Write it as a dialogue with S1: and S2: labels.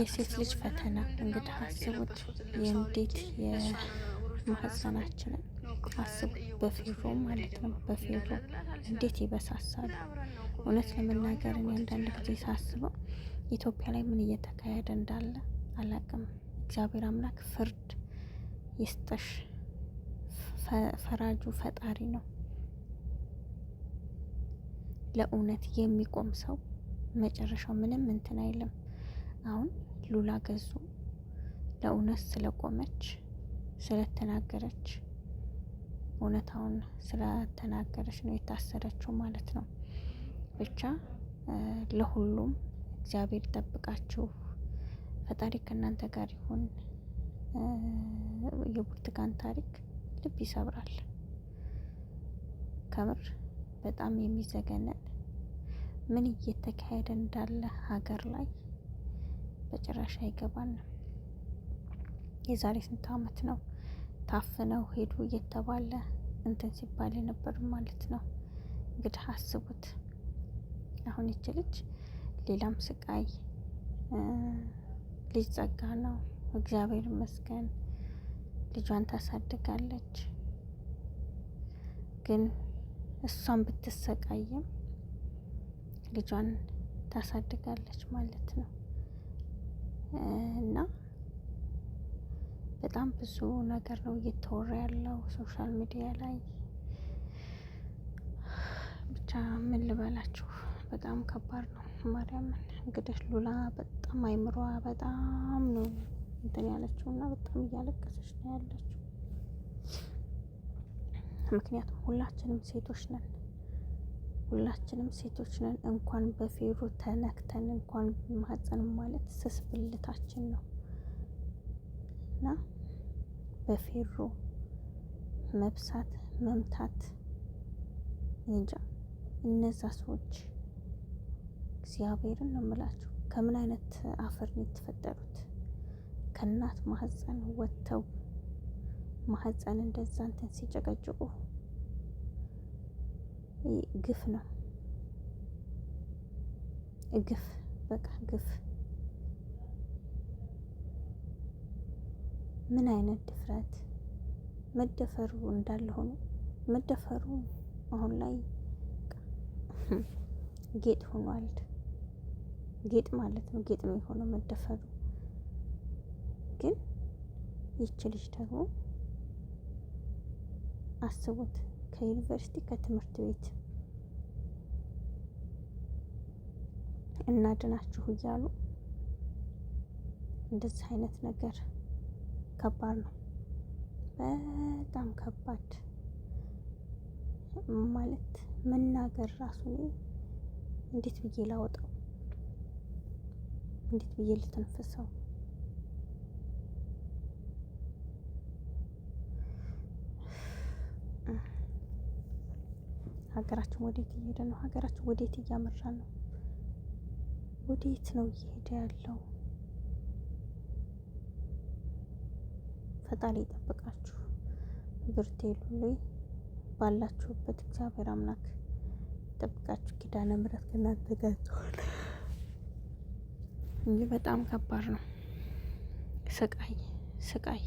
S1: የሴት ልጅ ፈተና እንግዲህ አስቡት። የእንዴት የማህፀናችንን አስቡት፣ በፌሮ ማለት ነው። በፌሮ እንዴት ይበሳሳሉ። እውነት ለመናገር እኔ አንዳንድ ጊዜ ሳስበው ኢትዮጵያ ላይ ምን እየተካሄደ እንዳለ አላቅም። እግዚአብሔር አምላክ ፍርድ ይስጠሽ። ፈራጁ ፈጣሪ ነው። ለእውነት የሚቆም ሰው መጨረሻው ምንም እንትን አይልም። አሁን ሉላ ገዙ ለእውነት ስለቆመች ስለተናገረች እውነታውን ስለተናገረች ነው የታሰረችው ማለት ነው። ብቻ ለሁሉም እግዚአብሔር ጠብቃችሁ ፈጣሪ ከእናንተ ጋር ይሁን። የብርቱካን ታሪክ ልብ ይሰብራል። ከምር በጣም የሚዘገነን ምን እየተካሄደ እንዳለ ሀገር ላይ በጭራሽ አይገባንም። የዛሬ ስንት ዓመት ነው ታፍነው ሄዱ እየተባለ እንትን ሲባል የነበር ማለት ነው። እንግዲህ አስቡት። አሁን ይች ልጅ ሌላም ስቃይ ልጅ ጸጋ ነው። እግዚአብሔር ይመስገን ልጇን ታሳድጋለች። ግን እሷን ብትሰቃይም ልጇን ታሳድጋለች ማለት ነው። እና በጣም ብዙ ነገር ነው እየተወራ ያለው ሶሻል ሚዲያ ላይ። ብቻ ምን ልበላችሁ በጣም ከባድ ነው። ማርያምን እንግዲህ ሉላ በጣም አይምሯ በጣም ነው እንትን ያለችው እና በጣም እያለቀሰች ነው ያለችው። ምክንያቱም ሁላችንም ሴቶች ነን። ሁላችንም ሴቶች ነን። እንኳን በፌሮ ተነክተን እንኳን ማህፀን ማለት ስስ ብልታችን ነው እና በፌሮ መብሳት መምታት እንጃ እነዛ ሰዎች እግዚአብሔርን ነው የምላቸው። ከምን አይነት አፈር ነው የተፈጠሩት? ከእናት ማህፀን ወጥተው ማህፀን እንደዛ እንትን ሲጨቀጭቁ ግፍ ነው። ግፍ በቃ ግፍ። ምን አይነት ድፍረት! መደፈሩ እንዳለ ሆኖ መደፈሩ አሁን ላይ ጌጥ ሆኗል። ጌጥ ማለት ነው። ጌጥ ነው የሆነው መደፈሩ። ግን ይቺ ልጅ ደግሞ አስቡት ከዩኒቨርሲቲ ከትምህርት ቤት እናድናችሁ እያሉ እንደዚህ አይነት ነገር ከባድ ነው። በጣም ከባድ ማለት መናገር ራሱ እንዴት ብዬ ላወጣው፣ እንዴት ብዬ ልትንፍሰው ሀገራችን ወዴት እየሄደ ነው? ሀገራችን ወዴት እያመራ ነው? ወዴት ነው እየሄደ ያለው? ፈጣሪ ይጠብቃችሁ። ብርቴሉ ላይ ባላችሁበት እግዚአብሔር አምላክ ይጠብቃችሁ። ኪዳነ ምሕረት ከእናንተ ጋር እንጂ በጣም ከባድ ነው። ስቃይ ስቃይ